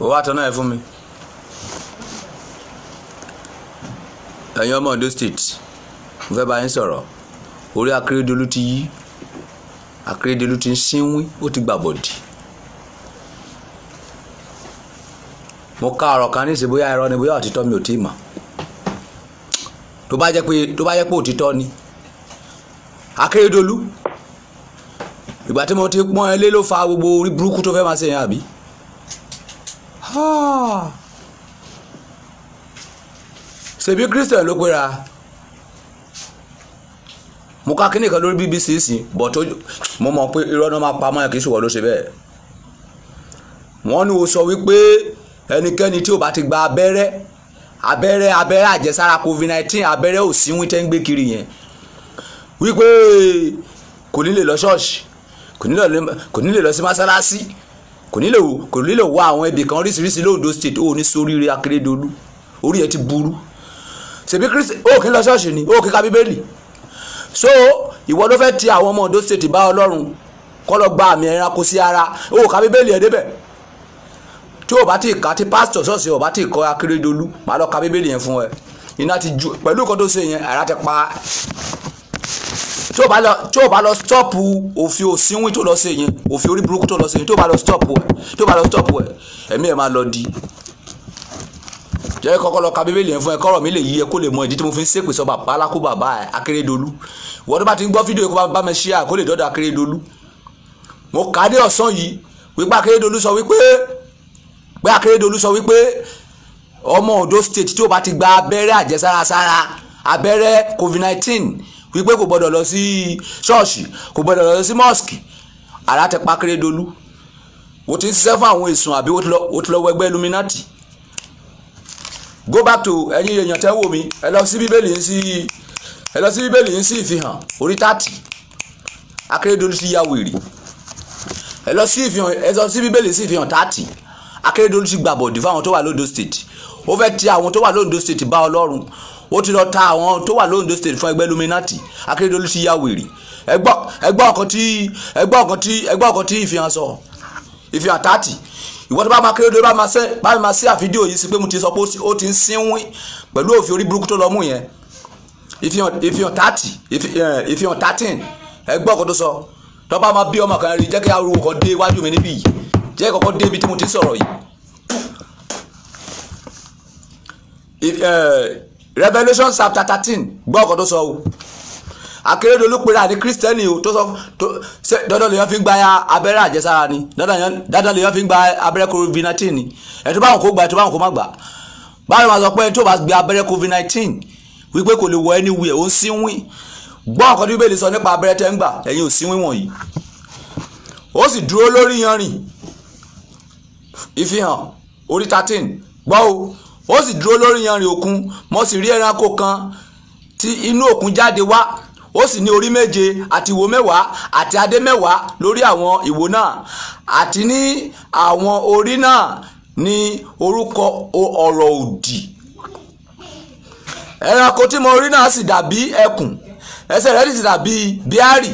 wọ́n wá tọ́nà ẹ̀ fún mi ẹ̀yin ọmọ Ondo state mo fẹ́ bá yín sọ̀rọ̀ orí Akérédolú ti yí Akérédolú ti ń sínwín ó ti gbàbọ̀dì mo ká ọ̀rọ̀ kan níṣẹ́ bóyá irọ́ ni bóyá òtítọ́ mi ò tí ì mọ̀ tó bá jẹ́ pé òtítọ́ ni Akérédolú ìgbà tí mo ti pọ́n ẹ lé ló fa gbogbo orí burúkú tó fẹ́ máa ṣe yẹn àbí ṣebí christian ló pera mo ká kíní kan lórí bbc sí bọ̀ tó mo mọ̀ pé irọ́ náà máa pa mọ́ ẹ̀ kì ló ṣe bẹ́ẹ̀ wọ́n ní o sọ wípé ẹnikẹ́ni tí ò bá ti gba abẹ́rẹ́ abẹ́rẹ́ abẹ́rẹ́ àjẹsára covid nineteen abẹ́rẹ́ ò sí wíńtẹ́ ń gbé kiri yẹn wípé kò ní lè lọ ṣọ́ọ̀ṣì kò ní lọ sí mọ́ṣáláṣí kò nílò kò nílò wá àwọn ibì kan oríṣiríṣi lóńdó state ó ní sóríire Akérédolú orí ẹ ti burú ṣèbí kristi ó kì í lọ ṣọ́ọ̀ṣì ni ó kì í ka bíbélì so ìwọ ló fẹ́ ti àwọn ọmọ Ondo state bá Ọlọ́run kọ́ lọ gba àmì ẹranko sí ara ó ka bíbélì ẹ̀ débẹ̀ tí o bá ti kà tí pásítọ̀ ṣọ́ọ̀ṣì o bá ti kọ́ Akérédolú màá lọ ka bíbélì yẹn fún ẹ iná ti ju pẹ̀lú nǹkan tó ṣe yẹn àrà ti pa tí o bá lọ tí o bá lọ stọ́ọ̀pù òfin òsínwìn tó lọ sí yẹn òfin orí burúkú tó lọ sí yẹn tí o bá lọ stọ́ọ̀pù ẹ̀ tí o bá lọ stọ́ọ̀pù ẹ̀ ẹ̀mí ẹ̀ máa lọ di jẹ́ kọ́kọ́ lọ ka bíbélì yẹn fún ẹ kọ́rọ̀ mi lè yí ẹ kó lè mọ ìdí tí mo fi ń ṣépè sọ bàbá alákó bàbá ẹ Akérédolú wọ́n tó bá ti ń gbọ́ fídíò yẹn kó bá mi ṣí à kó lè dọ́dọ̀ Akérédolú mo kà á dé ọ̀sán yìí wípé Akérédolú sọ wípé pé Akérédolú sọ State tí o bá ti gba abẹ́rẹ́ àjẹsára COVID-19 wípé kò gbọ́dọ̀ lọ sí ṣọ́ọ̀ṣì kò gbọ́dọ̀ lọ sí mọ́ọ̀sì ara ti pa Akérédolú o ti ń ṣiṣẹ́ fún àwọn èsùn àbí o ti lọ wọ ẹgbẹ́ Illuminati go back to ẹ̀yin èèyàn tẹ́ wò mí ẹ lọ sí bíbélì ń sí ẹ lọ sí bíbélì ń sí ìfihàn orí tààtì Akérédolú ti ya wèrè ẹ lọ sí ìfihàn ẹ lọ sí bíbélì sí ìfihàn tààtì Akérédolú ti gbàbọ̀dì fáwọn tó wà lódò state ó fẹ́ ti àwọn tó wà lódò state bá Ọlọ́run ó ti lọ ta àwọn tó wà lóńdó state fún ẹgbẹ́ luminati akérèdọ́lù ti ya wèrè ẹgbọ́n ọkàn tí ẹgbọ́n ọkàn tí ẹgbọ́n ọkàn tí ìfihàn sọ ìfihàn tààtì ìwọ́n tó bá máa kéré lórí bá máa sí àfídíò yìí sí pé mo ti sọ pé ó ti ń sínwín pẹ̀lú òfin orí burúkú tó lọ mú yẹn ìfihàn tààtì ìfihàn tààtìn ẹgbọ́n ọkàn tó sọ tó bá máa bí ọmọ kan rí jẹ́ kí ariwo kan dé iwájú mi níbí yìí jẹ́ kọ́kọ́ dé ibi tí mo ti ń sọ̀rọ̀ yìí. Revelation chapter thirteen gbọ́ ọkọ̀ tó sọ o Akérédolú pera ní Kristẹni o tó sọ tó ṣe dandan lèèyàn fi gba abẹ́rẹ́ àjẹsára ni dandan lèèyàn fi gba abẹ́rẹ́ covid nineteen ni ẹ̀ tó báwọn kò gba ẹ̀ tó báwọn kò má gbà báwọn máa sọ pé ẹ̀ tó bá gbé abẹ́rẹ́ covid nineteen wípé kò lè wọ ẹni wí ó ń síwín gbọ́ ọ̀kan tí bíbélì sọ nípa abẹ́rẹ́ tẹ́ ń gbà ẹ̀yin ò síwín wọ̀nyí ó sì dúró lórí yanrìn ìfihàn orí thirteen gbọ́ o ó sì dúró lórí yanrìn òkun mo sì rí ẹranko kan tí inú òkun jáde wá ó sì ní orí méje àti ìwo mẹ́wàá àti adé mẹ́wàá lórí àwọn ìwo náà àti ní àwọn orí náà ní orúkọ ọ̀rọ̀ òdì ẹranko tí mo rí náà sì dàbí ẹkùn ẹsẹ̀ rẹ̀ sì dàbí bíárì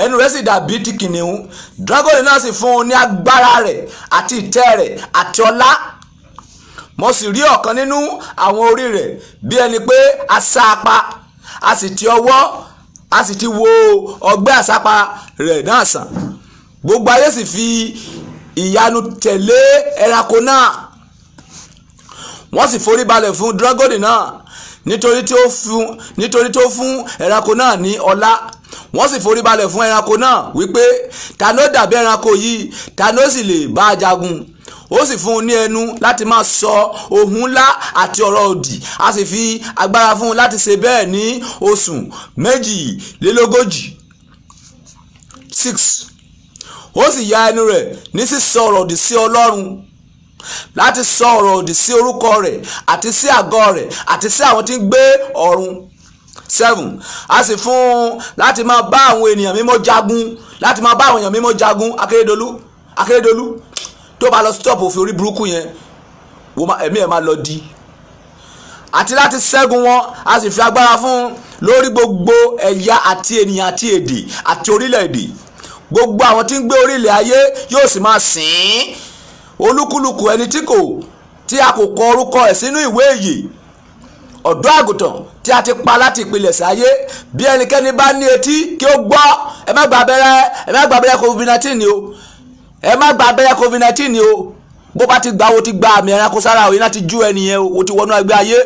ẹnu rẹ̀ sì dàbí ti kìnìún dragoni náà sì fún un ní agbára rẹ̀ àti ìtẹ́ rẹ̀ àti ọlá mo sì rí ọ̀kan nínú àwọn orí rẹ̀ bí ẹni pé a sá apá a sì ti ọwọ́ a sì ti wo ọgbẹ́ àsápa rẹ̀ náà sàn gbogbo ayé sì fi ìyanu tẹ̀lé ẹranko náà wọ́n sì forí balẹ̀ fún dragoni náà nítorí nítorí tó fún ẹranko náà ní ọlá wọ́n sì forí balẹ̀ fún ẹranko náà wípé ta ló dàbí ẹranko yìí ta ló sì lè bá a jagun ó sì fún un ní ẹnu láti máa sọ ohun ńlá àti ọ̀rọ̀ òdì a sì fi agbára fún un láti ṣe bẹ́ẹ̀ ní oṣù méjìlélógójì six ó sì ya ẹnu rẹ̀ ní sísọ ọ̀rọ̀ òdì sí Ọlọ́run láti sọ ọ̀rọ̀ òdì sí orúkọ rẹ̀ àti sí àgọ́ rẹ̀ àti sí àwọn tí ń gbé ọ̀run seven a sì fún un láti máa bá àwọn ènìyàn mímọ́ jagun láti máa bá àwọn ènìyàn mímọ́ jagun Akérédolú Akérédolú tó bá lọ stop òfin orí burúkú yẹn ẹ̀mí ẹ̀ máa lọ di àti láti ṣẹ́gun wọn a sì fi agbára fún lórí gbogbo ẹ̀yà àti ènìyàn àti èdè àti orílẹ̀-èdè gbogbo àwọn tí ń gbé orílẹ̀ ayé yóò sì máa sìn ín olúkúlùkù ẹni tí kò tí a kò kọ orúkọ ẹ̀ sínú ìwé ìyè ọ̀dọ́ àgùntàn tí a ti pa láti ìpilẹ̀ṣẹ̀ ayé bí ẹnikẹ́ni bá ní etí kí ó gbọ́ ẹ má gba ẹ má gba covid nineteen ni o ẹ má gba abẹ́rẹ́ covid nineteen ni o bó bá ti gba o ti gba àmì ẹranko sára òye láti ju ẹnìyẹn o ti wọnú ẹgbẹ́ ayé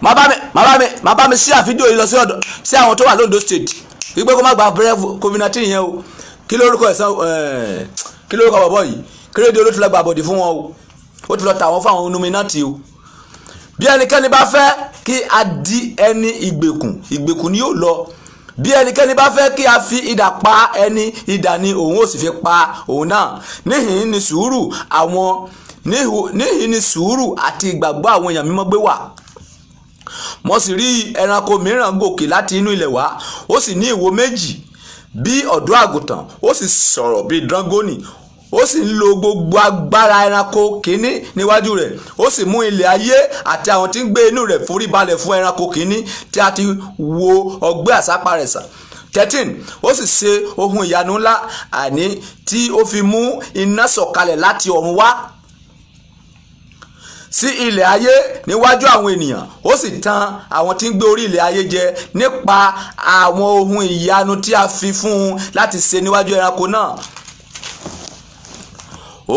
má bá mi má bá mi má bá mi sí àfídíò yìí lọ sí ọ̀dọ̀ sí àwọn tó wà lóńdó state kí pé kó má gba abẹ́rẹ́ covid nineteen yẹn o kí lórúkọ ẹ̀sán kí lórúkọ bọ̀bọ̀ yìí kérédé olótùlọ gba àbọ̀dì fún wọn o ó ti lọ tà wọ́n fáwọn nominati o bí ẹnikẹ́ni bá fẹ́ kí a di ẹni ìgbèkùn ìgbèkùn ni yóò lọ bí ẹnikẹ́ni bá fẹ́ kí a fi idà pa ẹni idà ni òun ó sì fi pa òun náà níhìn ní sùúrù àwọn níhìn ní sùúrù àti ìgbàgbọ́ àwọn èèyàn mímọ́ gbé wà mo sì rí ẹranko mìíràn gòkè láti inú ilẹ̀ wá ó sì ní ìwo méjì bí ọ̀dọ́ àgùntàn ó sì sọ̀rọ̀ bíi drangoni ó sì ń lo gbogbo agbára ẹranko kìíní níwájú rẹ̀ ó sì mú ilẹ̀ ayé àti àwọn tí ń gbé inú rẹ̀ forí balẹ̀ fún ẹranko kìíní tí a ti wo ọgbẹ́ àsápá rẹ̀ sàn thirteen ó sì ṣe ohun ìyanu ńlá àní tí ó fi mú iná sọ̀kalẹ̀ láti ọ̀run wá sí ilẹ̀ ayé níwájú àwọn ènìyàn ó sì tan àwọn tí ń gbé orí ilẹ̀ ayé jẹ nípa àwọn ohun ìyanu tí a fi fún un láti ṣe níwájú ẹranko náà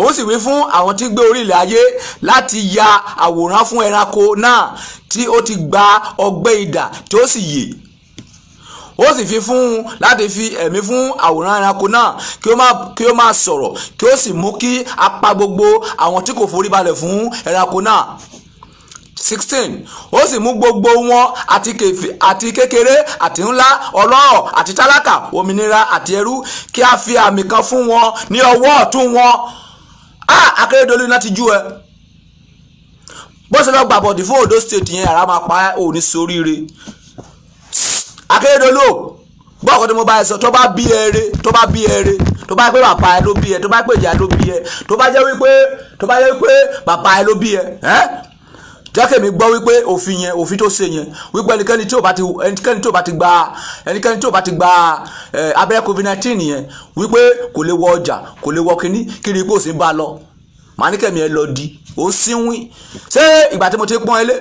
ó sì wí fún àwọn tí ń gbé orí ayé láti ya àwòrán fún ẹranko náà tí ó ti gba ọgbẹ́ idà tí ó sì yè ó sì fi fún un láti fi ẹ̀mí fún àwòrán ẹranko náà kí ó máa sọ̀rọ̀ kí ó sì mú kí a gbogbo àwọn tí kò forí balẹ̀ fún ẹranko náà sixteen ó sì mú gbogbo wọn àti kékeré àti ńlá ọlọ́rọ̀ àti tálákà òmìnira àti ẹrú kí a fi àmì kan fún wọn ní ọwọ́ ọ̀tún wọn ah akérèdọ́lù náà ti jú ẹ bó ṣe lọ́ọ́ gbàbọ̀dì fún Ondo state yẹn ara máa pa òní soríire akérèdọ́lù gbọ́ ọ̀kan tí mo bá ẹ sọ tó bá bí ẹ re tó bá bí ẹ re tó bá pé bàbá ẹ ló bí ẹ tó bá pé ìyá ló bí ẹ tó bá jẹ́ wípé tó bá jẹ́ wípé bàbá ẹ ló bí ẹ ẹ́ jákèmí gbọ́ wípé òfin yẹn òfin tó ṣe yẹn wípé ẹnikẹ́ni tí ò bá ti ẹnikẹ́ni tí ò bá ti gba ẹnikẹ́ni tí ò bá ti gba abẹ́rẹ́ covid nineteen yẹn wípé kò lè wọ ọjà kò lè wọ kínní kiri ipò sí bá lọ màá ní kẹ́mi ẹ lọ di ó síwín ṣé ìgbà tí mo ti pọ́n ilé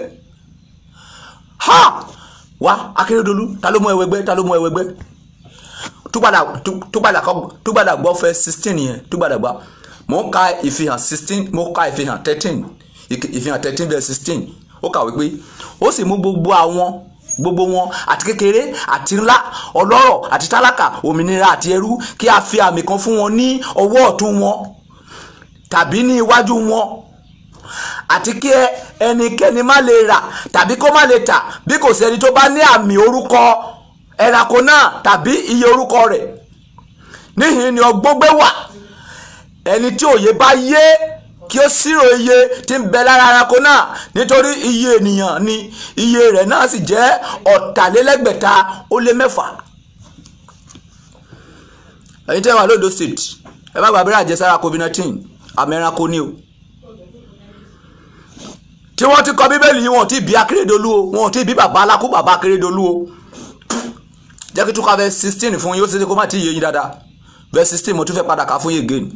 ha wá akérèdọ́lù ta ló mú ẹwẹgbẹ́ ta ló mú ẹwẹgbẹ́ tó padà fẹ́ sixteen yẹn tó padà gbọ́ ka ìfihàn sixteen mo ka ìfihàn thirteen ìfihàn thirteen verse sixteen ó kàwé pé ó sì mú gbogbo àwọn gbogbo wọn àti kékeré àti ńlá ọlọ́rọ̀ àti tálákà òmìnira àti ẹrú kí a fi àmì kan fún wọn ní ọwọ́ ọ̀tún wọn tàbí ní iwájú wọn àti kí ẹnikẹ́ni má lè rà tàbí kó má lè tà bí kò sẹ́ni tó bá ní àmì orúkọ ẹranko náà tàbí iye orúkọ rẹ̀ níhìn ni ọgbọ́n gbé wà ẹni tí òye bá yé kí ó ṣírò iye tí ń bẹ lára ẹranko náà nítorí iye ènìyàn ni iye rẹ̀ náà sì jẹ́ ọ̀tàlélẹ́gbẹ̀ta ó lé mẹ́fà ẹ̀yin tẹ́ wà lóòdó state ẹ má gbàgbé àjẹsára covid nineteen àmì ẹranko ni o tí wọ́n ti kọ bíbélì wọn ti bí akérèdọ́lù o wọn ti bí bàbá alákú bàbá akérèdọ́lù o jẹ́ kí tún ká verse sixteen fún yín ó ṣe é kó má ti yé yín dáadáa verse sixteen mo tún fẹ́ padà ká fún yín again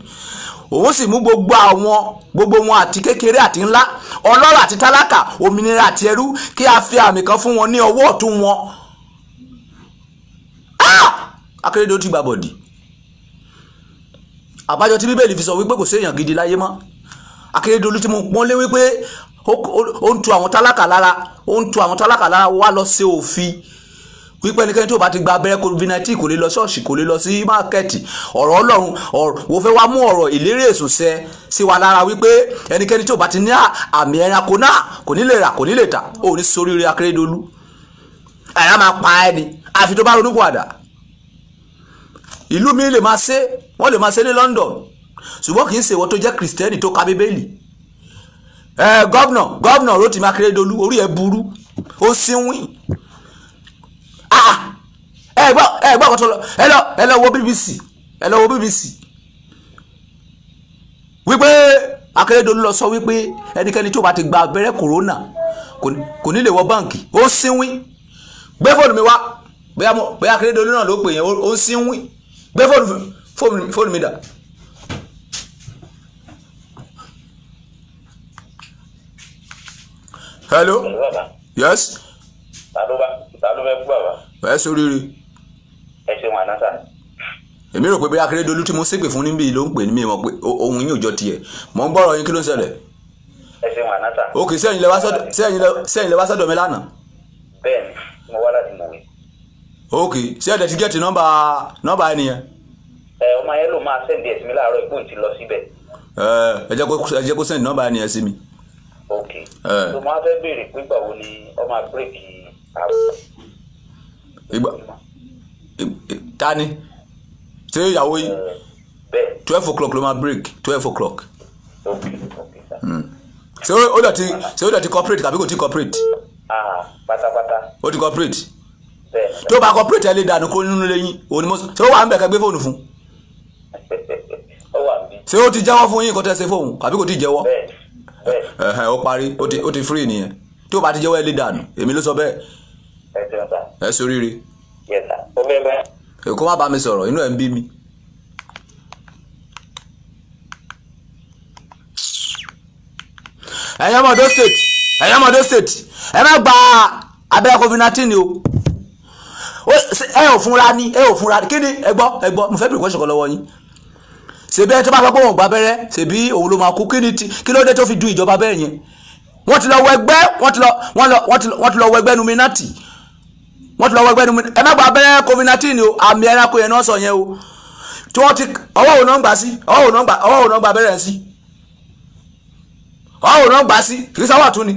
òun sì mú gbogbo àwọn gbogbo wọn àti kékeré àti ńlá ọlọ́rọ̀ àti tálákà òmìnira àti ẹrú kí a fi àmì kan fún wọn ní ọwọ́ ọ̀tún wọn. Ah! Akérédolú ti gbàbọ̀dì àbájọ tí bíbélì fi sọ wípé kò sí èèyàn gidi láyé mọ́ Akérédolú tí mo pọ́n lé wípé ó ń tu àwọn tálákà lára ó ń tu àwọn tálákà lára wá lọ ṣe òfin wípé ẹnikẹ́ni tó bá ti gba abẹ́rẹ́ covid nineteen kò lè lọ ṣọ́ọ̀ṣì kò lè lọ sí máàkẹ́ẹ̀tì ọ̀rọ̀ ọlọ́run wò fẹ́ wá mú ọ̀rọ̀ ìlérí èsùn sẹ sí wa lára wípé ẹnikẹ́ni tó bá ti ní àmì ẹranko náà kò ní lè rà kò ní lè tà ó ní soríire akérèdọ́lù àyà máa pa ẹni àfi tó bá ronú padà ìlú mi lè máa ṣe wọ́n lè máa ṣe ní London ṣùgbọ́n kì í ṣe ìwọ tó jẹ́ kìrìsìtẹ́nì tó ka bíbélì ẹ gọ́vnà gọ́vnà Rotimi Akérèdọ́lù orí Ah, ah. ẹ gbọ́ ẹ lọ ẹ BBC ẹ BBC wípé Akérédolú lọ sọ wípé ẹnikẹ́ni tó bá ti gba abẹ́rẹ́ kòrónà kò ní wọ báǹkì ó sínwín gbé fóònù mi wá bóyá Akérédolú náà ló pè yẹn ó sínwín gbé fóònù mi dà. hello yes ta ló fẹ́ kú bàbá. ẹ ṣoríire. ẹ ṣe wọn àná sà. èmi rò pé bí akérèdọ́lù tí mo ṣépè fún níbí ló ń pè mí mọ̀ pé ohun yín ò jọ tiẹ̀ mọ̀ ń gbọ́rọ̀ yín kí ló ń ṣẹlẹ̀. ẹ ṣe wọn àná sà. ok sẹ́yìn lẹ wá sọ́dọ̀ mi lánàá. bẹ́ẹ̀ni mo wá láti mọ̀wé. ok sẹ́yìn lẹ ti gẹ̀ẹ́tì nọ́mbà nọ́mbà ẹni yẹn. ẹ ọmọ yẹn ló máa sẹ́ǹdì ẹ̀sìn mi láàárọ̀ ìgbóhùn ti lọ síbẹ̀. ẹ jẹ́ kó sẹ́ǹdì nọ́mbà ẹni yẹn sí mi. ok tó máa fẹ́ béèrè pé gbàwo ni ọmọ àgbẹ̀kì ìgbà ta ni ṣé ìyàwó yìí twelve o'clock ló máa break twelve o'clock hmm. ṣé ó dọ̀tí ṣé ó dọ̀tí corporate tàbí kò tí corporate. pátápátá. ó ti corporate. tó bá corporate ẹ lè dànù kó nínú lẹ́yìn òní mọ́sán ṣé ó wà ń bẹ̀ ká gbé fóònù fún. ṣé ó ti jẹ́wọ́ fún yín kó tẹ́ ṣe fóònù àbí kò tí jẹ́wọ́. ó parí ó ti free nìyẹn tó bá ti jẹ́wọ́ ẹ lè dànù èmi ló sọ bẹ́ẹ̀ ẹ ṣeun sá. ẹ ṣoríire. yẹ sá omi ẹ bẹ. èkó má bá mi sọ̀rọ̀ inú ẹ̀ ń bí mi. ẹ̀yin ọmọ Ondo state ẹ̀yin ọmọ state ẹ má gba abẹ́rẹ́ covid nineteen o ẹ ò fúnra ni ẹ ò fúnra ni kíni ẹ gbọ́ ẹ gbọ́ mo fẹ́ bèrè kọ́ṣọ́ kan lọ́wọ́ yín ṣèbí ẹni tó bá sọ pé òun gba abẹ́rẹ́ ṣèbí òun ló máa kú kí ni kí ló dé tó fi du ìjọba abẹ́rẹ́ yẹn wọ́n ti lọ wọ ẹgbẹ́ wọ́n ti lọ wọ́n ti lọ wọ ẹgbẹ́ numinati wọ́n ti lọ́wọ́ ẹgbẹ́ ni ẹ má gba abẹ́rẹ́ covid nineteen o àmì ẹranko yẹn náà sọ yẹn o tí wọ́n ti ọwọ́ òun náà gbà sí ọwọ́ òun náà gbà ọwọ́ òun náà gbà abẹ́rẹ́ sí ọwọ́ òun náà gbà sí kìí sáwà tún ni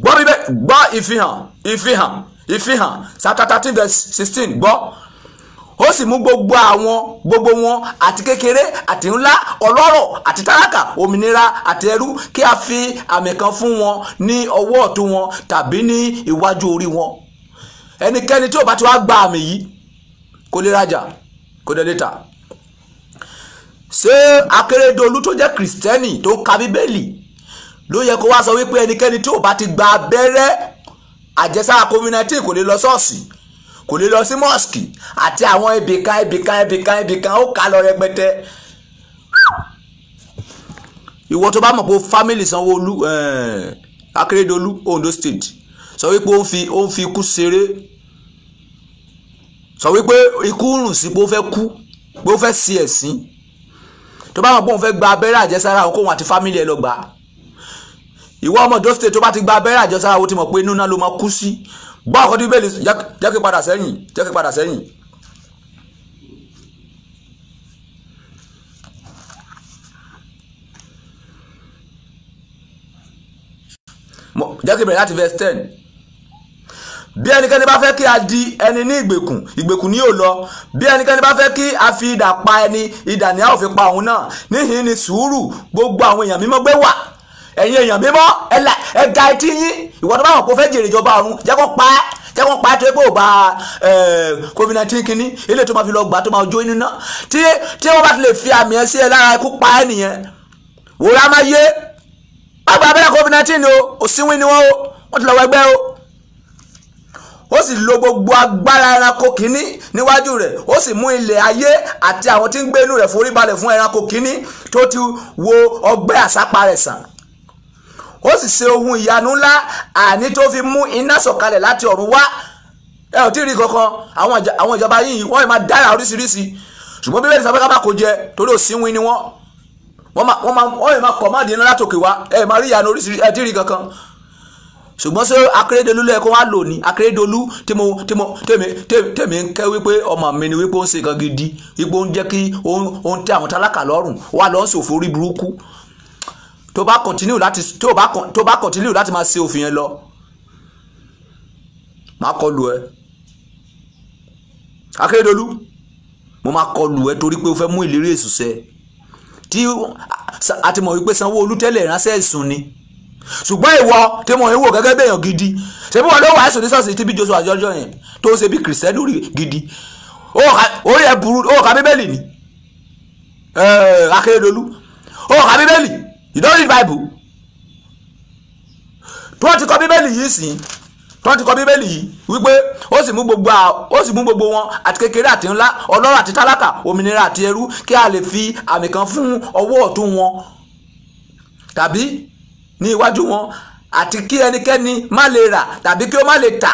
gbọ́ bíbẹ́ gbọ́ ìfihàn ìfihàn ìfihàn chapter thirteen verse sixteen gbọ́ ó sì mú gbogbo àwọn gbogbo wọn àti kékeré àti ńlá ọlọ́rọ̀ àti tálákà òmìnira àti ẹrú kí a fi àmì kan fún wọn ní ọwọ́ ọ̀tún wọn tàbí ní iwájú orí wọn ẹnikẹ́ni tí ò bá ti wá gba àmì yìí kò lè rajà kò dẹ̀ lè tà ṣé akérèdọ́lù tó jẹ́ kìrìsìtẹ́nì tó ka bíbélì ló yẹ kó wá sọ wípé ẹnikẹ́ni tí ò bá ti gba abẹ́rẹ́ àjẹsára covid-19 kò lè lọ ṣọ́ọ̀ṣì kò lè lọ sí mọ́ọ̀sì àti àwọn ibìkan ibìkan ibìkan ibìkan ó kà lọ rẹpẹtẹ ìwọ tó bá mọ̀ pé family Sanwó-Olú eh, Akérédolú Ondo State sọ wípé ó fi ó ń fi ikú ṣeré sọ wípé ikú rùn sí pé ó fẹ́ kú pé ó fẹ́ sí ẹ̀sìn tó bá wọn pé òun fẹ́ gba abẹ́rẹ́ àjẹsára òun kóun àti fámìlì ẹ lọ gbà á ìwọ ọmọ Ondo State tó bá ti gba abẹ́rẹ́ àjẹsára ó ti mọ̀ pé inú náà ló máa kú sí gbọ́ ọ̀kan tí bẹ́ẹ̀ jẹ́ kí padà sẹ́yìn jẹ́ kí padà sẹ́yìn. jẹ́ kí bẹ̀rẹ̀ láti verse ten bí ẹnikẹ́ni bá fẹ́ kí a di ẹni ní ìgbèkùn ìgbèkùn ni yóò lọ bí ẹnikẹ́ni bá fẹ́ kí a fi idà pa ẹni idà ni a ó fi pa òun náà níhìn ni sùúrù gbogbo àwọn èèyàn mímọ́ gbé wà ẹ̀yin èèyàn mímọ́ ẹ̀ga etí yín ìwọ́n tó bá wọn kó fẹ́ jèrè ìjọba ọ̀run jẹ́ pa á jẹ́ pa á tó pé ò bá covid nineteen kínní eléyìí tó máa fi lọ gbà tó máa jó inú náà tí tí wọ́n bá ti lè fi covid nineteen ni o òsínwín ni wọ́n o wọ́n ó sì lo gbogbo agbára ẹranko kìíní níwájú rẹ̀ ó sì mú ilẹ̀ ayé àti àwọn tí ń gbé rẹ̀ forí balẹ̀ fún ẹranko kìíní tó ti wo ọgbẹ́ àsápa rẹ̀ sàn ó sì ṣe ohun ìyanu ńlá àní tó fi mú iná sọ̀kalẹ̀ láti ọ̀run wá ẹ ò tí ì rí kankan àwọn ìjọba yìí wọ́n máa dára oríṣiríṣi ṣùgbọ́n bíbélì sọ pé ká jẹ torí òsínwín ni wọ́n wọ́n máa kọ̀ má dín iná látòkè wá ẹ máa rí ìyanu oríṣiríṣi ẹ tí ì rí kankan ṣùgbọ́n ṣé akérèdọ́lù ló yẹ kó wá lò ní akérèdọ́lù tí mo tí mo tèmi tèmi ń kẹ́ wípé ọmọ mi ni wípé ó ń ṣe nǹkan gidi wípé ó ń jẹ́ kí ó ń tẹ àwọn tálákà lọ́rùn wà lọ́ọ́ ṣòfò orí burúkú tó bá kọ̀ntínú láti tó bá tó bá kọ̀ntínú máa ṣe òfin yẹn lọ màá kọlù ẹ akérèdọ́lù mo máa kọlù ẹ torí pé o fẹ́ mú ìlérí èṣù ṣẹ tí àti mọ̀ wípé sanwó-olú tẹ́lẹ̀ ránṣẹ́ ẹ̀sùn ni ṣùgbọ́n ìwọ tí mo ń wò gẹ́gẹ́ bí èèyàn gidi ṣebí wọn ló wà ẹ̀sùn ní sọ́ọ̀sì tí bí Joshua jọjọ yẹn tó ṣe bí kìrìsìtẹ́nì gidi orí ẹ̀ burú ó ka bíbélì ni Akérédolú ó ka bíbélì you don't read Bible tí wọ́n ti kọ bíbélì yìí sìn tí wọ́n ti kọ bíbélì yìí wípé ó sì mú gbogbo ó sì mú gbogbo wọn àti kékeré àti ńlá ọlọ́rọ̀ àti tálákà òmìnira àti ẹrú kí a lè fi àmì kan fún ọwọ́ ọ̀tún wọn tàbí ní iwájú wọn àti kí ẹnikẹ́ni má lè rà tàbí kí ó má lè tà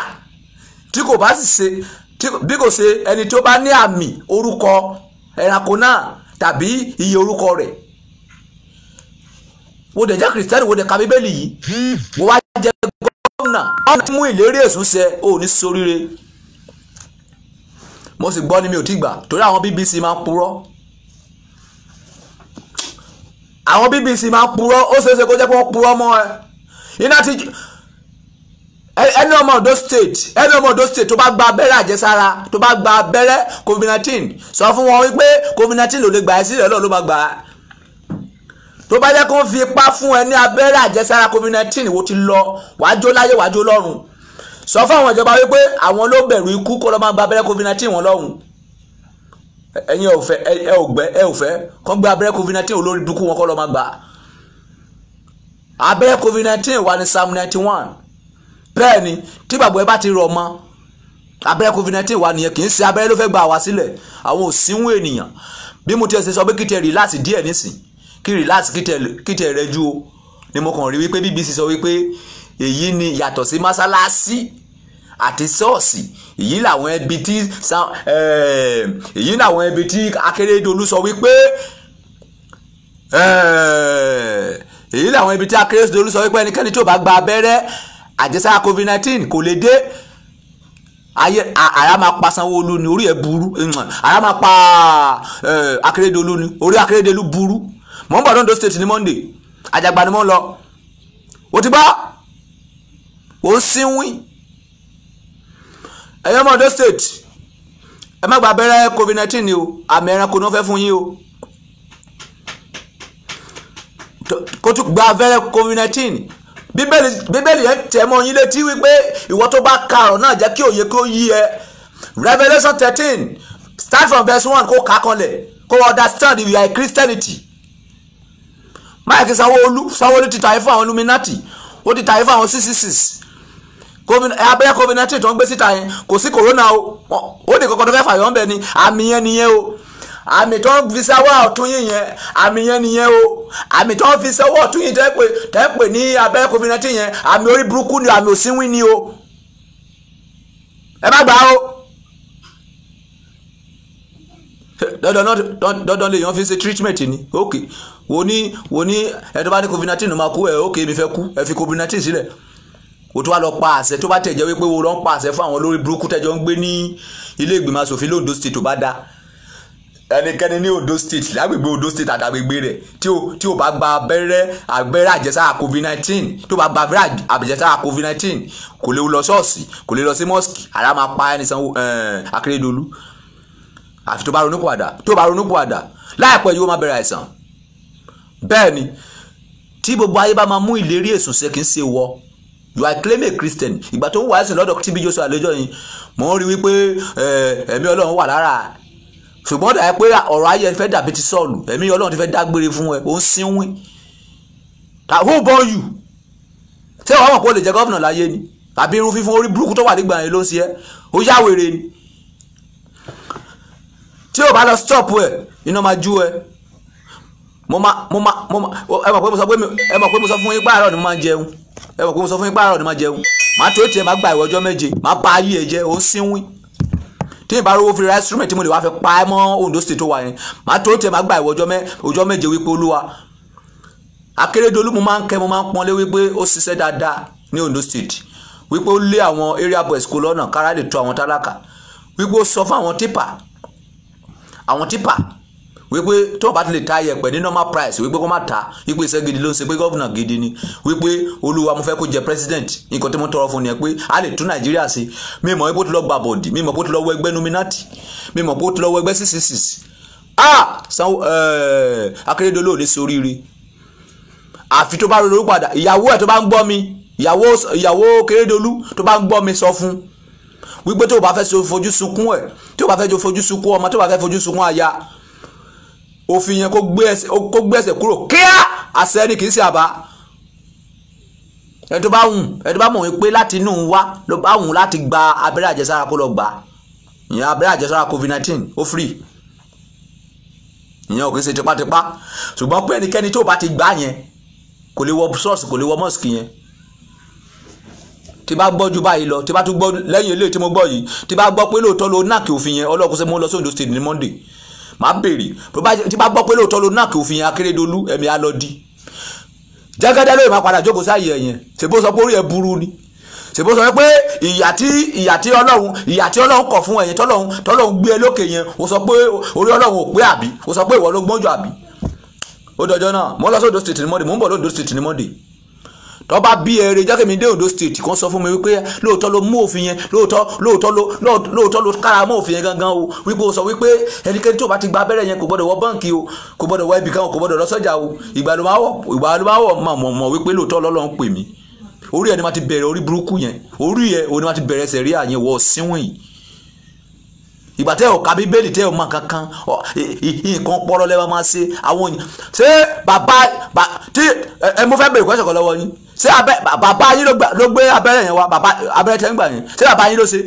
tí kò bá sì ṣe bí kò ṣe ẹni tí ó bá ní àmì orúkọ ẹranko náà tàbí iye orúkọ rẹ̀ wo dẹ̀ jẹ́ kìrìsìtẹ́nì wo dẹ̀ ka bíbélì yìí wo wá jẹ́ gómìnà ọ̀nà tí mú ìlérí èsùn ṣẹ ò ní soríire mo sì gbọ́ ni mi ò tí gbà torí àwọn BBC máa ń purọ́ àwọn BBC máa purọ́ ó ṣeéṣe kó jẹ́ pé wọ́n purọ́ mọ́ ẹ iná ti ẹni ọmọ Ondo state ẹni ọmọ Ondo state tó bá gba abẹ́rẹ́ àjẹsára tó bá gba abẹ́rẹ́ covid-19 sọ fún wọn wípé covid-19 ló lè gbà ẹ́ sílẹ̀ lọ́ọ̀ ló máa gbà á tó bá jẹ́ kó ń fi ipá fún ẹ ní abẹ́rẹ́ àjẹsára covid-19 wo ti lọ wàá jó láyé wàá jó lọ́run sọ fún àwọn ìjọba wípé àwọn ló bẹ̀rù ikú kó lọ́ máa gba abẹ́rẹ́ covid-19 wọn lọ́hùn ẹ̀yin ẹ ò fẹ́ ẹ ò gbẹ́ ẹ ò fẹ́ kàn gba abẹ́rẹ́ covid nineteen olórí dúkú wọn kọ́ lọ́ọ́ máa gbà abẹ́rẹ́ covid nineteen wà ní psalm ninety one bẹ́ẹ̀ ni tí bàbá ẹ bá ti rọ̀ mọ́ abẹ́rẹ́ covid nineteen wà nìyẹn kì í ṣe abẹ́rẹ́ ló fẹ́ gbà wá sílẹ̀ àwọn ò sínwó ènìyàn bí mo ti ẹ̀ ṣe sọ pé kí tẹ rìláàsì díẹ̀ nísìn kí rìláàsì kí tẹ rẹ ju o ni mo kàn rí wípé BBC sọ wípé èyí ni yàtọ̀ sí mọ́sálásí àti ṣọ́ọ̀ṣì èyí làwọn ibi tí eh, èyí làwọn ibi tí Akérédolú sọ wípé eh, èyí làwọn ibi tí Akérédolú sọ wípé ẹnikẹ́ni tí ò bá gba abẹ́rẹ́ àjẹsára covid nineteen kò lè dé ayé ara máa pa Sanwó-Olú ni orí ẹ̀ burú ara máa pa eh, Akérédolú ni orí Akérédolú burú mò ń bọ̀ lóńdó state ni Monday Àjàgbá ni mo ń lọ ó ti bá ó ń sínwín ẹ̀yọ́ ọmọ Ondo state ẹ má gba abẹ́rẹ́ covid nineteen ni o àmì ẹranko ni wọ́n fẹ́ fún yín o kó tún gba abẹ́rẹ́ covid nineteen bíbélì yẹn tẹ̀ mọ́ yín létí wípé ìwọ tó bá ka ọ̀rọ̀ náà jẹ́ kí òye kó yí ẹ Revelation thirteen start from verse one kó kà kanlẹ̀ kó understand if you are a Christianity Mike Sanwó-Olú Sanwó-Olú ti tàyé fún àwọn Illuminati ó ti tàyé fún àwọn cccs Eh, abẹ́rẹ́ covid nineteen tó ń gbé síta yẹn kò sí corona o ó ní kọ́kọ́ tó fẹ́ fàyọ́ ń ni àmì yẹn nìyẹn o àmì tó ń fi sáwọ́ ọ̀tún yìí yẹn àmì yẹn nìyẹn o àmì tó ń fi sáwọ́ ọ̀tún yìí tẹ́pẹ́ tẹ́pẹ́ ní abẹ́rẹ́ covid nineteen yẹn àmì orí burúkú ni àmì òsínwín ni o ẹ má gbà o dandan dandan lèèyàn fi ṣe treatment ni ok wo ni wo ni ẹ tó bá ní covid nineteen ló máa kú ẹ ok mi fẹ́ kú ẹ fi covid nineteen sílẹ̀ o tún wá lọ pa àṣẹ tó bá tẹ̀jẹ́ wípé o lọ ń pa àṣẹ fún àwọn olórí burúkú tẹ́jọ́ ń gbé ní ilé ìgbìmọ̀ asòfin londo state tó bá dá ẹnikẹ́ni ní ondo state lágbègbè ondo state àtàgbègbè rẹ̀ tí o bá gba abẹ́rẹ́ abẹ́rẹ́ àjẹsára covid nineteen tó bá gba abẹ́rẹ́ àjẹsára covid nineteen kò lè lọ ṣọ́ọ̀ṣì kò lè lọ sí mọ́ọ̀sì ara máa pa ẹni sanwó akérèdọ́lù àfi tó bá ronú padà tó bá ronú padà láìpẹ́ yóò má bẹ̀rẹ̀ àìsàn bẹ́ẹ̀ ni tí gbogbo ayé bá máa mú ìlérí èsùn ṣe kì í ṣe wọ́ you are claiming a christian ìgbà tó ń wá sí lọ́dọ̀ TB Joshua lọ́jọ́ yìí mò ń rí wípé ẹ̀mí ọlọ́run wà lára ṣùgbọ́n dàbí pé ọ̀rọ̀ ayé fẹ́ dàbí ti sọ́ọ̀lù ẹ̀mí ọlọ́run ti fẹ́ dágbére fún ẹ ó ń sínwín who born you ṣé wàá mọ̀ pé o lè jẹ́ gọ́vnà láyé ni àbí irun fífún orí burúkú tó wà nígbà yẹn ló ń ṣe ẹ́ ó yá wèrè ni tí o bá lọ stop ẹ iná máa ju ẹ mo máa mo máa mo máa ẹ mọ̀ pé mo sọ fún yín pé àárọ̀ ni mo máa ń jẹun ẹ wọ̀ pé mo sọ fún yín pààrọ̀ ni máa jẹun máa tó tiẹ̀ máa gba ìwọ ọjọ́ méje máa pa ayé ẹ̀ jẹ́ ó ń sínwín tí ìbá rówó fi ra instrument tí mo lè wá fi pa ẹ́ mọ́ Ondo state tó wà yẹn máa tó tiẹ̀ máa gba ìwọ ọjọ́ méje wípé olúwa Akérédolú mo máa ń kẹ́ mo máa ń pọ́nlé wípé ó ṣiṣẹ́ dáadáa ní Ondo state wípé ó lé àwọn area boys kó lọ́nà kára lè tó àwọn tálákà wípé ó sọ fún àwọn tipa àwọn tipa wípé tó o bá ti lè ta iyẹ̀pẹ̀ ní normal price wípé kó má ta wípé iṣẹ́ gidi ló ń ṣe pé gọ́vùnà gidi ni wípé olúwa mo fẹ́ kó jẹ president nǹkan tí mo tọrọ fún ni ẹ pé a lè tún nàìjíríà ṣe mi mọ̀ bó ti lọ gba bọ̀dì mi mọ̀ bó ti lọ wọ ẹgbẹ́ nominati mi mọ̀ bó ti lọ wọ ẹgbẹ́ six six six ah sanwó eh, akérèdọ́lù ò lè ṣe oríire àfi tó bá ronú padà ìyàwó ẹ̀ tó bá ń gbọ́ mi ìyàwó ìyàwó kérèdọ́lù tó bá ń gbọ́ mi sọ fún wípé tó o bá fẹ́ fojú sunkún ẹ̀ tó o bá fẹ́ fojú sunkún ọmọ tó o bá fẹ́ fojú sunkún aya òfin yẹn kó gbé ẹsẹ̀ kúrò kíá àṣẹ ni kì í ṣe àbá ẹni tó bá wùn ẹni tó bá mọ̀ wípé láti inú wa ló bá wùn láti gba abẹ́rẹ́ àjẹsára kó lọ gbà ìyẹn abẹ́rẹ́ àjẹsára covid nineteen ó free ìyẹn ò kì í ṣe tipátipá ṣùgbọ́n pé ẹnikẹ́ni tó bá ti gbà yẹn kò lè wọ ṣọ́ọ̀ṣì kò lè wọ mọ́ọ̀sì yẹn tí bá gbọ́ ju báyìí lọ tí bá tún gbọ́ lẹ́yìn eléyìí tí mo gbọ́ yìí tí bá gbọ́ pé lóòótọ́ lo náà òfin yẹn ọlọ́kùnrin mo lọ sí Ondo State ní Monday màá béèrè tí bá gbọ́ pé lóòótọ́ ló náà kò fi yan Akérédolú ẹ̀mí á lọ di Jàgàdà lóye máa padà jókòó sáàyè ẹ̀yẹn ṣèbó sọ pé orí ẹ̀ burú ni ṣèbó sọ pé ìyà tí ìyà tí ọlọ́run ìyà tí ọlọ́run kọ̀ fún ẹ̀yẹn tọ́lọ́run tọ́lọ́run gbé ẹ lókè yẹn ó sọ pé orí ọlọ́run ò pé àbí ó sọ pé ìwọ ló gbọ́njọ àbí ó dọjọ́ náà mo lọ sódò state ní Monday mo ń bọ̀ lódò state ní Monday tó bá bí ẹrẹ jẹ́ kẹ́mi dé Ondo state kan sọ fún mi wípé lóòótọ́ ló mú òfin yẹn lóòótọ́ lóòótọ́ ló lóòótọ́ ló kára mọ́ òfin yẹn gangan o wípé o sọ wípé ẹnikẹ́ni tó bá ti gba abẹ́rẹ́ yẹn kò gbọ́dọ̀ wọ báǹkì o kò gbọ́dọ̀ wọ ibìkan o kò gbọ́dọ̀ lọ sọ́jà o ìgbà ló máa wọ̀ mọ̀ mọ̀ wípé lóòótọ́ lọ́lọ́run pè mí orí ẹ̀ ni ma ti bẹ̀rẹ̀ orí burúkú yẹn orí ẹ̀ ni ma ti bẹ̀rẹ̀ sẹ̀ríà yẹn wọ síwìn yìí ìgbà tẹ́ ò ka bíbélì tẹ́ ò mọ kankan nǹkan pọ́rọ́ lẹ́wọ́ máa ṣe àwọn òyìn ṣé bàbá tí ẹ mo fẹ́ bèrè kọ́ṣọ̀ kan lọ́wọ́ yín ṣé bàbá yín ló gbé abẹ́rẹ́ yẹn wá abẹ́rẹ́ tẹ́ ń gbà yẹn ṣé bàbá yín ló ṣe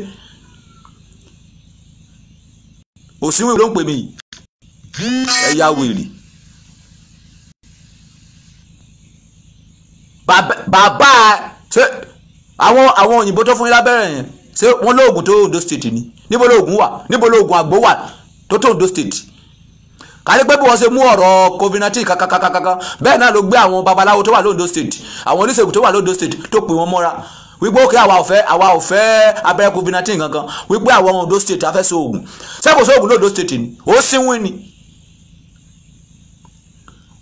òsínwó ló ń pè mí ẹ wèrè bàbá àwọn òyìnbó tó fún yín lábẹ́rẹ́ yẹn ṣé wọ́n lóògùn tó Ondo State ni níbo lóògùn wà níbo lóògùn àgbo wà tó tó Ondo state kárí pé bí wọ́n ṣe mú ọ̀rọ̀ covid nineteen kankankankan bẹ́ẹ̀ náà ló gbé àwọn babaláwo tó wà lóńdó state àwọn oníṣègùn tó wà lóńdó state tó pè wọ́n mọ́ra wípé òkè àwa ò fẹ́ àwa ò fẹ́ abẹ́rẹ́ covid nineteen kankan wípé àwọn Ondo state afẹ́ so oògùn sẹ́kù sóògùn lóńdó state ni ó sínwín ni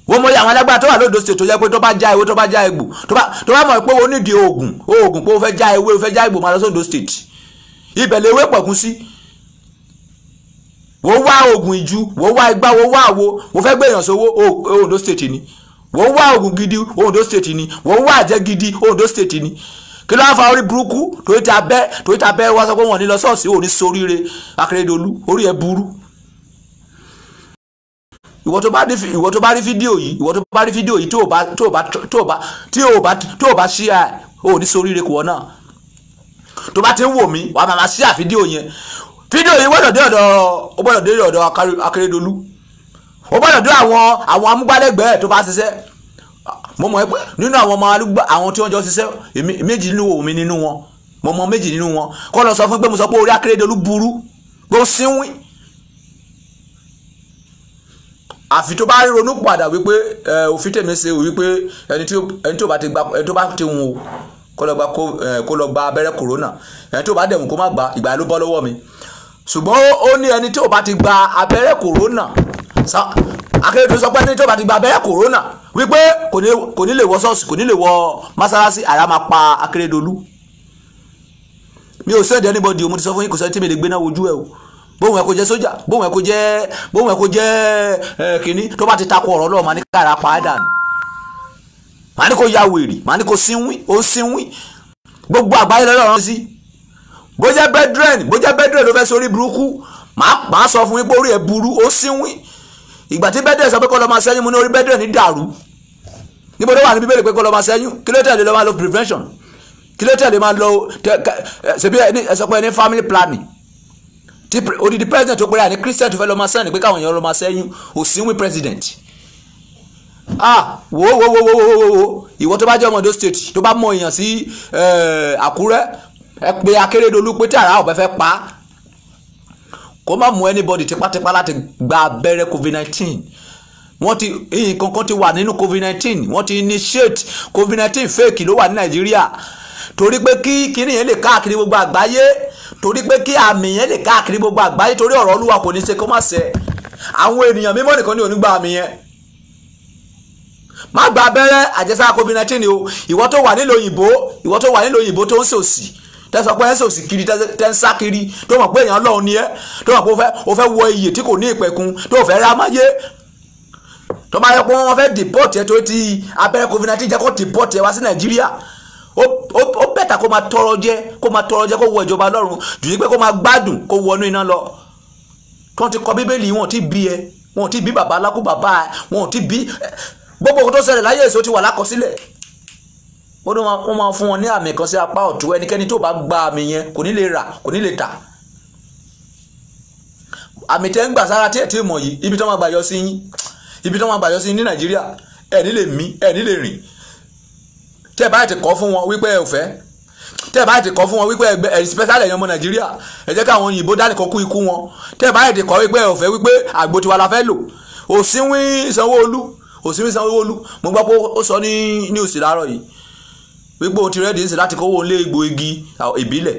wọ́n mọ̀ yẹ àwọn alágbára tó wà lóńdó state tó yẹ pé tó bá já ewé tó bá já egbò tó bá mọ̀ pé ó nídìí oògùn oògùn pé ó state ibẹ̀ lewé pọ̀kún sí wò wá oògùn ìju wò wá igbá wò wá àwo wò fẹ́ gbé èèyàn sówó Ondo state ni wò wá oògùn gidi Ondo state ni wò wá àjẹ́ gidi Ondo state ni kí ló wá fa orí burúkú torí ta bẹ́ torí ta bẹ́ wá sọ pé wọ́n ní lọ ṣọ́ọ̀ṣì ò ní soríire Akérédolú orí ẹ̀ burú ìwọ tó bá ìwọ tó bá rí fídíò yìí ìwọ tó bá rí fídíò yìí tó o bá tó o bá tó o bá tí o bá tó o bá ṣí à ò ní soríire kù ọ náà tó bá ti ń wò mí wàá máa ṣí àfídíò yẹn fídíò yìí gbọ́dọ̀ dé ọ̀dọ̀ ó gbọ́dọ̀ dé ọ̀dọ̀ Akérédolú ó gbọ́dọ̀ dé àwọn àwọn amúgbálẹ́gbẹ̀ẹ́ tó bá ṣiṣẹ́ mo mọ̀ pé nínú àwọn ọmọ alúgbà àwọn tí wọ́n jọ ṣiṣẹ́ méjì nínú òmí nínú wọn mo mọ̀ méjì nínú wọn kọ́ lọ sọ fún pé mo sọ pé orí Akérédolú burú pé ó sínwín àfi tó bá ronú padà wípé òfin tèmi ṣe wípé ẹni tó bá ti wù ú kó lọ gba kó eh, lọ gba abẹ́rẹ́ kòrónà ẹni tó bá dẹ̀wọ̀n kó má gba ìgbà ló bọ́ lọ́wọ́ mi ṣùgbọ́n ó ní ẹni tó bá ti gba abẹ́rẹ́ kòrónà Akérédolú sọ pé ẹni tó bá ti gba abẹ́rẹ́ kòrónà wípé kò ní lè wọ ṣọ́ọ̀ṣì kò ní lè wọ mọ́sálásí àyà máa pa Akérédolú mi ò sẹ́ẹ̀dì anybody o mo ti sọ fún yín kò sẹ́ẹ̀dì tí mi lè gbé náà wojú ẹ o bóun ẹ kò jẹ sójà bóun ẹ kò jẹ bóun ẹ kò jẹ eh, kínní tó bá ti takò ọ̀rọ̀ lọ́ọ̀ ní kára pa á màá ní kó ya wèrè màá ní kó sínwín ó ń sínwín gbogbo àgbáyé lọ́dọ̀ rán sí bó jẹ́ bedren bó jẹ́ bedren ló fẹ́ sórí burúkú màá sọ fún yín pé orí ẹ̀ burú ó sínwín ìgbà tí bedren sọ pé kó lọ máa ṣẹ́yún mu ní orí bedren ní dàrú níbo ló wà ní bíbélì pé kó lọ máa ṣẹ́yún kí ló tẹ̀lé lọ́ máa lo prevention kí ló tẹ̀lé máa lo ṣèbí ẹ sọ pé ẹ family planning tí odidi president tó pẹ́rẹ́ àní christian tó fẹ́ lọ máa ṣẹ́yìn pé káwọn èèyàn lọ máa ṣẹ́yún òsínwín president Ah, wo wo wo wo wo wo ìwọ tó bá jẹ́ ọmọ Ondo state tó bá mọ èèyàn sí eh, Àkúrẹ́ ẹ pé Akérédolú pé tí àrà ọ̀bẹ fẹ́ pa á kó má mú anybody tipátipá láti gba abẹ́rẹ́ covid nineteen wọ́n ti nǹkan kan ti wà nínú covid nineteen wọ́n ti initiate covid nineteen fake ló wà ní nàìjíríà torí pé kí kinní yẹn lè káàkiri gbogbo àgbáyé torí pé kí àmì yẹn lè káàkiri gbogbo àgbáyé torí ọ̀rọ̀ olúwa kò ní ṣe kó má ṣe àwọn ènìyàn mímọ́ nìkan ní onígbà àmì yẹn má gba abẹ́rẹ́ àjẹsára covid nineteen o ìwọ tó wà nílò òyìnbó ìwọ tó wà nílò òyìnbó tó ń sòsì tẹ́sán pé ẹ̀sìn òsì kiri tẹ́ńsá kiri tó mọ̀ pé èèyàn ọlọ́run ni ẹ́ tó mọ̀ pé o fẹ́ wọ iyè tí kò ní ìpẹ̀kun tó o fẹ́ ra máyé tó bá yẹ pé wọ́n fẹ́ dìpọ́ọ̀tì ẹ̀ tó ti abẹ́rẹ́ covid nineteen jẹ́ kó dìpọ́ọ̀tì ẹ̀ wá sí nàìjíríà ó bẹ̀tà kó máa tọrọ jẹ kó máa tọrọ jẹ kó wọ ìjọba ọlọ́run jù ní pé kó máa gbádùn kó wọnú iná lọ tó ti kọ bíbélì wọn ò ti bí ẹ wọn ò ti bí bàbá alákú wọn ò ti bí gbogbo ohun tó ṣẹlẹ̀ láyé èso ti wà lákọsílẹ̀ ó ní wọ́n máa fún wọn ní àmì kan sí apá ọ̀tún ẹnikẹ́ni tó bá gba àmì yẹn kò ní lè rà kò ní lè tà àmì tẹ́ ń gbà sára tí ẹ̀ tí ì mọ̀ yìí ibi tí wọ́n máa gbàyọ sí yín ibi tí wọ́n máa gbàyọ sí yín ní Nàìjíríà ẹ̀ ní lè mí ẹ̀ ní lè rìn tẹ́ ẹ̀ bá ti kọ́ fún wọn wípé ẹ̀ ò fẹ́ tẹ́ ẹ̀ bá ti kọ́ fún wọn wípé ẹ̀ special ẹ̀yàn ọmọ Nàìjíríà ẹ̀ jẹ́ káwọn òyìnbó dání kọ́ kú ikú wọn tẹ́ ẹ̀ bá ti kọ́ wípé ẹ̀ ò fẹ́ wípé àgbo tiwa la fẹ́ lò òsínwín Sanwó-Olú òṣèré sanwó-olu mo gbọ́ pé ó sọ ní ní òsì láàárọ̀ yìí wípé o ti rẹ́ẹ̀dì sí láti kówó lé egbò igi ìbílẹ̀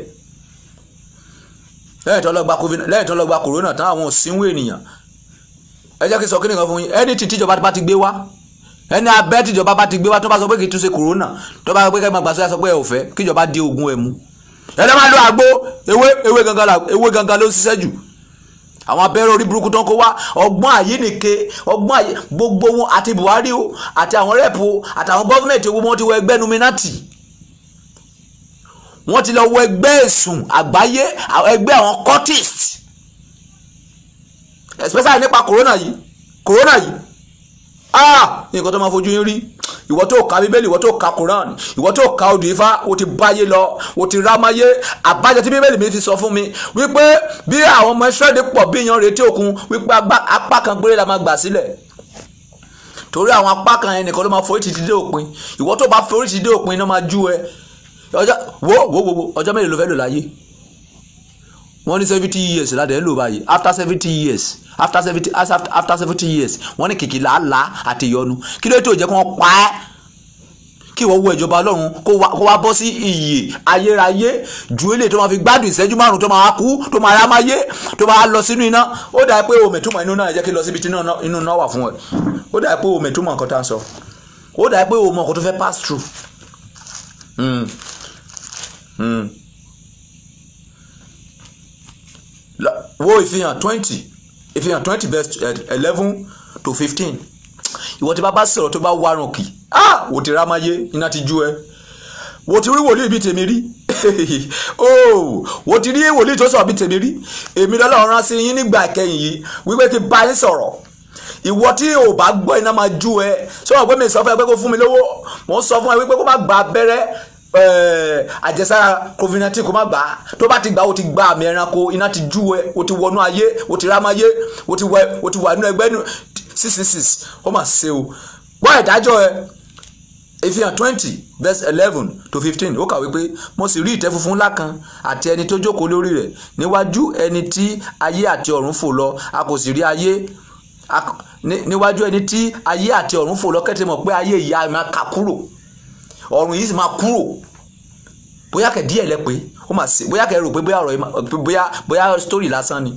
lẹ́yìn tó lọ gba covid lẹ́yìn tó lọ gba corona tán àwọn òsínwó ènìyàn ẹ jẹ́ kí n sọ kíni kan fún yín ẹni tí tíjọba bá ti gbé wá ẹni abẹ́ tíjọba bá ti gbé wá tó bá sọ pé kì í túnṣe corona tó bá sọ pé kẹ́mi àgbàsọ́ sọ pé ẹ kíjọba di oògùn ẹ̀ mú máa lo àgbo ewé ewé gangan ló ń ṣiṣẹ́ jù àwọn abẹ́rẹ́ orí burúkú tó ń kó wá ọgbọ́n àyínìke ọgbọ́n àyè gbogbo wọn àti Buhari o àti àwọn rẹ́pù àtàwọn gọ́fìnẹ̀tì owó wọn ti wọ ẹgbẹ́ numinati wọ́n ti lọ wọ ẹgbẹ́ ẹ̀sùn àgbáyé ẹgbẹ́ àwọn cultist especially nípa corona yìí corona yìí ah nǹkan tó máa fojú yín rí ìwọ tó ka bíbélì ìwọ tó ka quran ìwọ tó ka odù ifá o ti báyé lọ o ti rámáyé àbájá tí bíbélì mi ti sọ fún mi wípé bí àwọn ọmọ Ísírẹ́lì pọ̀ bí yan retí òkun wípé apá kan péré la máa gbà sílẹ̀ torí àwọn apá kan yẹn nìkan ló máa forí ti dé òpin ìwọ tó bá forí ti dé òpin náà máa jú ẹ ọjọ́ wo wo wo ọjọ́ mélòó ló fẹ́ lò láyé wọ́n ní seventy years ládẹ́ ń lò báyìí after seventy years after seventy after seventy years wọ́n ní kìkì làálà àti ìyọnu kí ló tó jẹ́ kí wọ́n pa á kí wọ́n wọ ìjọba ọlọ́run kó wá bọ́ sí iyì ayérayé ju eléyìí tó máa fi gbádùn ìṣẹ́jú márùn tó máa kú tó máa rá máyé tó máa lọ sínú iná ó dà pé omi túmọ̀ inú náà jẹ́ kí lọ síbi tí inú náà wà fún ẹ ó dà pé omi túmọ̀ nǹkan tá à ń sọ ó dà pé omi ọkọ̀ tó fẹ́ pass through. Mm. Mm. wo ìfihàn twenty ìfihàn twenty verse eh, eleven to fifteen ìwọ tí bá bá sọ̀rọ̀ tó bá warun kì ah wò ti ra máyé iná ti ju ẹ wò ti rí wòlíì bíi tèmi rí oh wò ti rí wòlíì tó sọ̀rọ̀ bíi tèmi rí èmi lọ́lọ́run rán sí yín nígbà kẹyìn yìí wípé kí bá yín sọ̀rọ̀ ìwọ tí o bá gbọ́ iná máa ju ẹ sọ̀rọ̀ pé mi sọ fún ẹ pé kó fún mi lówó mò sọ fún ẹ wípé kó má gba abẹ́rẹ́ Eh, àjẹsára covid nineteen kó má gbà tó bá ti gbà ó ti gba àmì ẹranko iná ti jú ẹ ó ti wọnú ayé ó ti rámáyé ó ti wà nínú ẹgbẹ́ six six six ó mà ṣe o wá ìdájọ́ ẹ ìfihàn twenty verse eleven to fifteen ó kàwé pé mo sì rí ìtẹ́ funfun ńlá kan àti ẹni tó jókòó lórí rẹ̀ níwájú ẹni tí ayé àti ọ̀run fò lọ a kò sì rí ayé níwájú ẹni tí ayé àti ọ̀run fò lọ kẹ́tẹ́ mọ̀ pé ayé ìyá mi kà kúrò ọ̀run yìí sì máa kúrò bóyá kẹ̀ díẹ̀ lẹ pé ó mà ṣe bóyá kẹ̀ rò pé bóyá ọ̀rọ̀ bóyá bóyá story lásán ni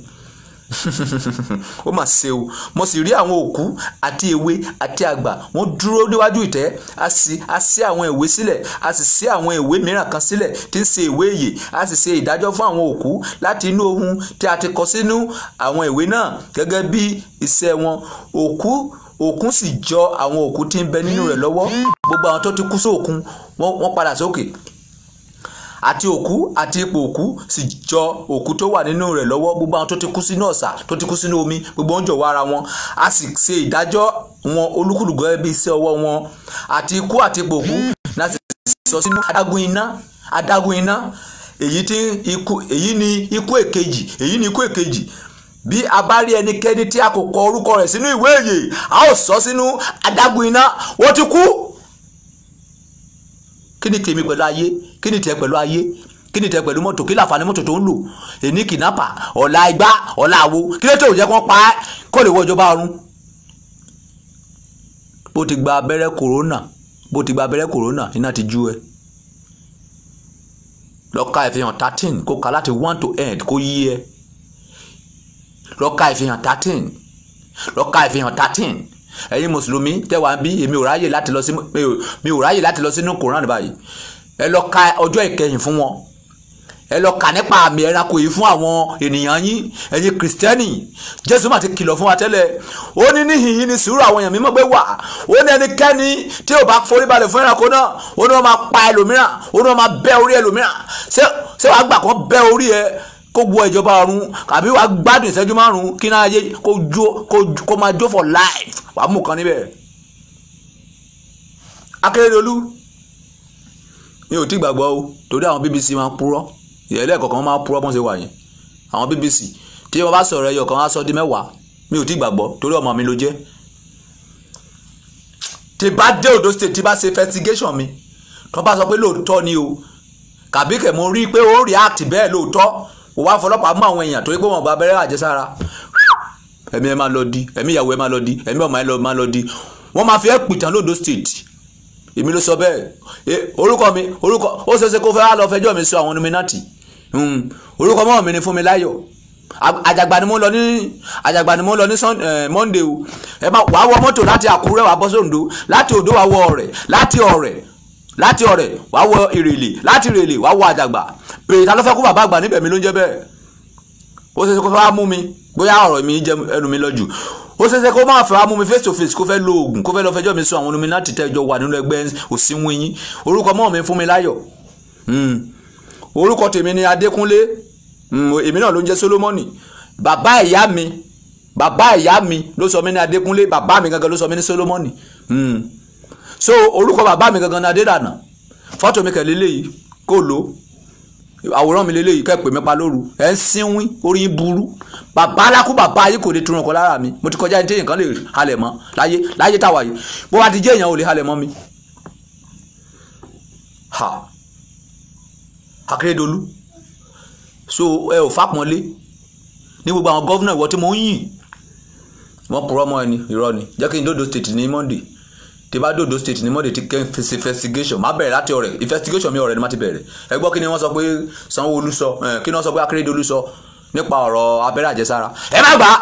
ó mà ṣe o mo sì rí àwọn òkú àti èwe àti àgbà wọ́n dúró níwájú ìtẹ́ a sì a ṣí àwọn ìwé sílẹ̀ a sì ṣí àwọn ìwé mìíràn kan sílẹ̀ tí ń ṣe ìwé ìyè a sì ṣe ìdájọ́ fún àwọn òkú láti inú ohun tí a ti kọ sínú àwọn ìwé náà gẹ́gẹ́ bí iṣẹ́ wọn òkú òkun sì jọ àwọn òkú tí ń bẹ nínú rẹ̀ lọ́wọ́ gbogbo àwọn tó ti kú sóòkun wọ́n padà sókè àti òkú àti ipò òkú sì jọ òkú tó wà nínú rẹ̀ lọ́wọ́ gbogbo àwọn tó ti kú sínú ọ̀sà tó ti kú sínú omi gbogbo wọn jọ̀wọ́ ara wọn a sì ṣe ìdájọ́ wọn olúkúlùkù gẹ́gẹ́ bí iṣẹ́ ọwọ́ wọn àti ikú àti ipò òkú náà sì sọ sínú adágún iná adágún iná èyí ni ikú èkejì èyí ni ikú èkejì bí a bá rí ẹnikẹ́ni tí a kò kọ orúkọ rẹ̀ sínú ìwé ìyè a ó sọ sínú adágún iná wọ́n ti kú. kí ni tèmi pẹ̀lú ayé kí ni tẹ pẹ̀lú ayé kí ni tẹ pẹ̀lú mọ́tò kí láǹfààní mọ́tò tó ń lò èní kìnnápà ọ̀la igbá ọ̀la àwo kí ló tó jẹ́ kó pa á kó lè wọ ìjọba ọ̀run. bó ti gba abẹ́rẹ́ kòrónà bó ti gba abẹ́rẹ́ kòrónà iná ti ju ẹ lọ́ka ìfihàn thirteen kó ka láti one to end kó yí ẹ lọ́ka ìfihàn thirteen lọ́ka ìfihàn thirteen ẹ̀yin mùsùlùmí tẹ́wàá ń bí èmi ò ráyè láti lọ mi ò ráyè láti lọ sínú koran báyìí ẹ lọ ka ọjọ́ ìkẹyìn fún wọn ẹ lọ kà nípa àmì ẹranko yìí fún àwọn ènìyàn yín ẹ̀yin kìrìsìtẹ́nì jésù mà ti kìlọ̀ fún wa tẹ́lẹ̀ ó ní níhìnyí ni sùúrù àwọn èèyàn mímọ́ gbé wà ó ní ẹnikẹ́ni tí ò bá forí balẹ̀ fún ẹranko náà ó ní wọ́n máa pa ẹlòmíràn ó ní wọ́n máa bẹ́ orí ẹlòmíràn ṣé wàá gbà kán bẹ́ orí ẹ kó wọ ìjọba ọ̀run àbí wàá gbádùn ìṣẹ́jú márùn-ún kí náà yé kó jó kó máa jó for life wàá mú kan níbẹ̀. Akérédolú mi ò tí gbàgbọ́ o torí àwọn BBC máa purọ́ ìyẹ́lẹ́ kọ̀ọ̀kan máa purọ́ bọ́n ṣe wà yẹn àwọn BBC tí wọ́n bá sọ̀rọ̀ ẹyọ kan á sọ di mẹ́wàá mi ò tí gbàgbọ́ torí ọmọ mi ló jẹ́ tí bá dé Ondo state tí bá ṣe investigation mi tó bá sọ pé lóòótọ́ ni o kàbí kẹ̀ mo rí i pé ó react bẹ́ẹ̀ lóòótọ́ kò wá fọlọ́pàá mú àwọn èèyàn torí pé wọ́n gba abẹ́rẹ́ àjẹsára ẹ̀mí ẹ̀ máa lọ di ẹ̀mí ìyàwó ẹ̀ máa lọ di ẹ̀mí ọmọ ẹ̀ máa lọ di wọ́n máa fi ẹ́ pìtàn lódò state èmi ló sọ bẹ́ẹ̀ e, orúkọ mi orúkọ ó ṣeéṣe kó fẹ́ wá lọ fẹjọ́ mi sọ àwọn nominati hmm, orúkọ mọ́ mi ni fún mi láyọ̀ àjàgbà ni mo lọ ní àjàgbà ni mo lọ ní eh, Monday o ẹ máa wàá wọ mọ́tò láti Àkúrẹ́ wàá bọ́ sóńdó láti Òdó wàá wọ Ọ̀rẹ́ láti Ọ̀rẹ́ láti Ọ̀rẹ́ wàá wọ Ìrèlè láti Ìrèlè wàá wọ àjàgbà pé ta ló fẹ́ kó bàbá àgbà níbẹ̀ mi ló ń jẹ́ bẹ́ẹ̀ ó ṣeéṣe kó fẹ́ mú mi bóyá ọ̀rọ̀ mi jẹ ẹnu mi lọ jù ó ṣeéṣe kó máa fẹ́ mú mi face to face kó fẹ́ lo oògùn kó fẹ́ lọ fẹjọ́ mi sùn àwọn omi láti tẹ́jọ wà nínú ẹgbẹ́ òsínwín orúkọ mọ́ mi fún mi láyọ̀ hmm. orúkọ tèmi ni adékúnlé hmm, èmi náà ló ń jẹ́ solomoni bàbá ìyá mi bàbá ìyá mi ló sọ mí ní adékúnlé bàbá mi gangan ló sọ mí ní solomoni hmm. so orúkọ bàbá mi gangan ni adédànà fọ́tò mi kẹ̀lé léyìí kó lò àwòrán mi lélẹ́yìí kẹ́pẹ́ mi lóru ẹ̀ ń sínwín orí burú bàbá alákú bàbá ayé kò lè turun ọkọ lára mi mo ti kọjá ẹni tí kan lè halẹ̀ mọ́ láyé láyé táwa yìí bó bá ti jẹ́ èèyàn ò lè halẹ̀ mọ́ mi. ha Akérédolú so ẹ ò fàpọ́nlé ní gbogbo àwọn gọ́vnà ìwọ tí mo ń yìn wọ́n purọ́ mọ́ ẹni irọ́ ni jẹ́ kí n dódò state ní Monday tí bá dòdò state ni mọ́dé tí kẹ́ investigation má bẹ̀rẹ̀ láti ọ̀rẹ́ investigation mi ọ̀rẹ́ ni má ti bẹ̀rẹ̀ ẹ gbọ́ kí ni wọ́n sọ pé Sanwó-Olú sọ kí ni wọ́n sọ pé Akérédolú sọ nípa ọ̀rọ̀ abẹ́rẹ́ àjẹsára ẹ má gbà á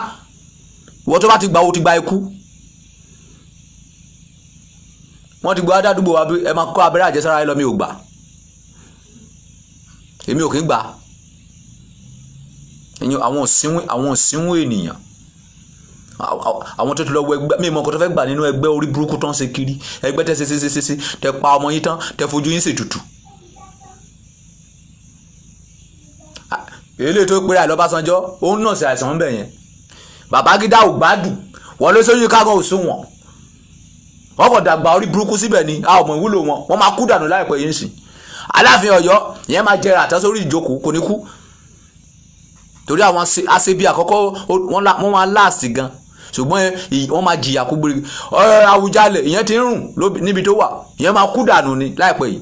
wọ́n tó bá ti gba owó ti gba ikú wọ́n ti gba adádúgbò ẹ máa kọ́ abẹ́rẹ́ àjẹsára ẹ lọ mi ò gbà èmi ò kí ń gbà àwọn òsínwó ènìyàn àwọn tó ti lọ wọ ẹgbẹ́ mímọ kò tó fẹ́ gbà nínú ẹgbẹ́ orí burúkú tán ṣe kiri ẹgbẹ́ tẹ́ ṣe ṣe ṣe ṣe tẹ́ pa ọmọ yín tán tẹ́ fojú yín ṣètùtù. eléyìí tó pèrè àlọ́básanjọ́ òun náà ṣe àìsàn ń bẹ̀ yẹn Babangida ò gbádùn wọ́n ló sóyún kágọ́ òṣùwọ̀n wọ́n kò dàgbà orí burúkú síbẹ̀ ni a ò mọ̀ ìwúlò wọn wọ́n máa kú dànù láìpẹ́ yìí ń sìn aláàfin Ọ̀yọ́ ìyẹn máa jẹrà àtẹ sórí ìjókòó kò ní kú torí àwọn aṣebi àkọ́kọ́ wọ́n máa láàsì gan-an ṣùgbọ́n wọ́n máa jìyà kú gbére ọ̀rọ̀ Àwùjalẹ̀ ìyẹn ti ń rùn níbi tó wà ìyẹn máa kú dànù ni láìpẹ́ yìí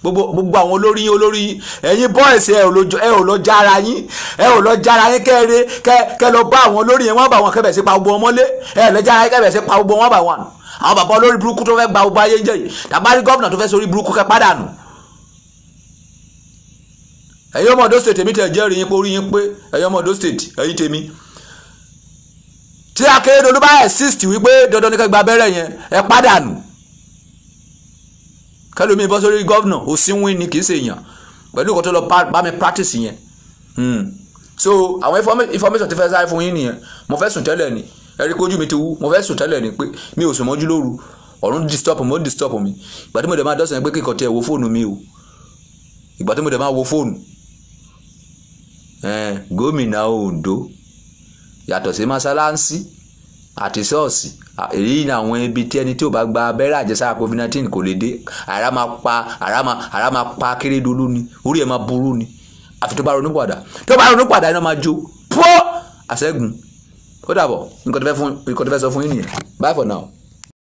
gbogbo gbogbo àwọn olórí yín olórí yín ẹ̀yin boys ẹ ò lọ ẹ ò lọ jára yín ẹ ò lọ jára yín kẹrẹ kẹ kẹ lọ bá àwọn olórí yẹn wọ́n bá wọn kẹbẹ sí pa gbogbo ọmọlé ẹ lọ jára yín kẹbẹ sí pa gbogbo wọn bá wọn àwọn bàbá olórí burúkú tó fẹ́ gba gbogbo ayé jẹ yìí tàbárí gómìnà tó fẹ́ sórí burúkú kẹ padà nù ẹ̀yin ọmọ Ondo state èmi tẹ̀ jẹ́rìí yín pé orí yín pé ẹ̀yin ọmọ Ondo state ẹ̀yin tèmi tí akérèdọ́lù bá exist wípé dandan ní ká gba abẹ́rẹ́ yẹn ẹ pàdánù kẹlòmíì bọ́ sórí gọ́vnà òsínwín ni kì í ṣèyàn pẹ̀lú ìkọ́tọ́ lọ bá mi practice yẹn hmm. so àwọn information ti fẹ́ sáré fún yín nìyẹn mo fẹ́ sùn tẹ́lẹ̀ ni ẹ̀rí kójú mi ti wú mo fẹ́ sùn tẹ́lẹ̀ ni pé mi ò sùn mọ́jú lóru ọ̀run disturb mo disturb mi ìgbà tí mo dẹ̀ máa dọ́sàn yẹn pé kíkọ̀ tí ẹ wo fóònù mi o ìgbà tí mo dẹ̀ máa wo fóònù gómìnà Ondo yàtọ̀ sí mọ́sálásí àti ṣọ́ọ̀ṣì èyí ni àwọn ibi tí ẹni tí ò bá gba abẹ́rẹ́ àjẹsára covid nineteen kò lè dé ara máa pa ara máa ara máa pa Akérédolú ni orí ẹ̀ máa burú ni àfi tó bá ronú padà tó bá ronú padà iná máa jó pọ́ àṣẹ́gun ó dàbọ̀ nǹkan tó fẹ́ sọ fún yín nìyẹn bye for now.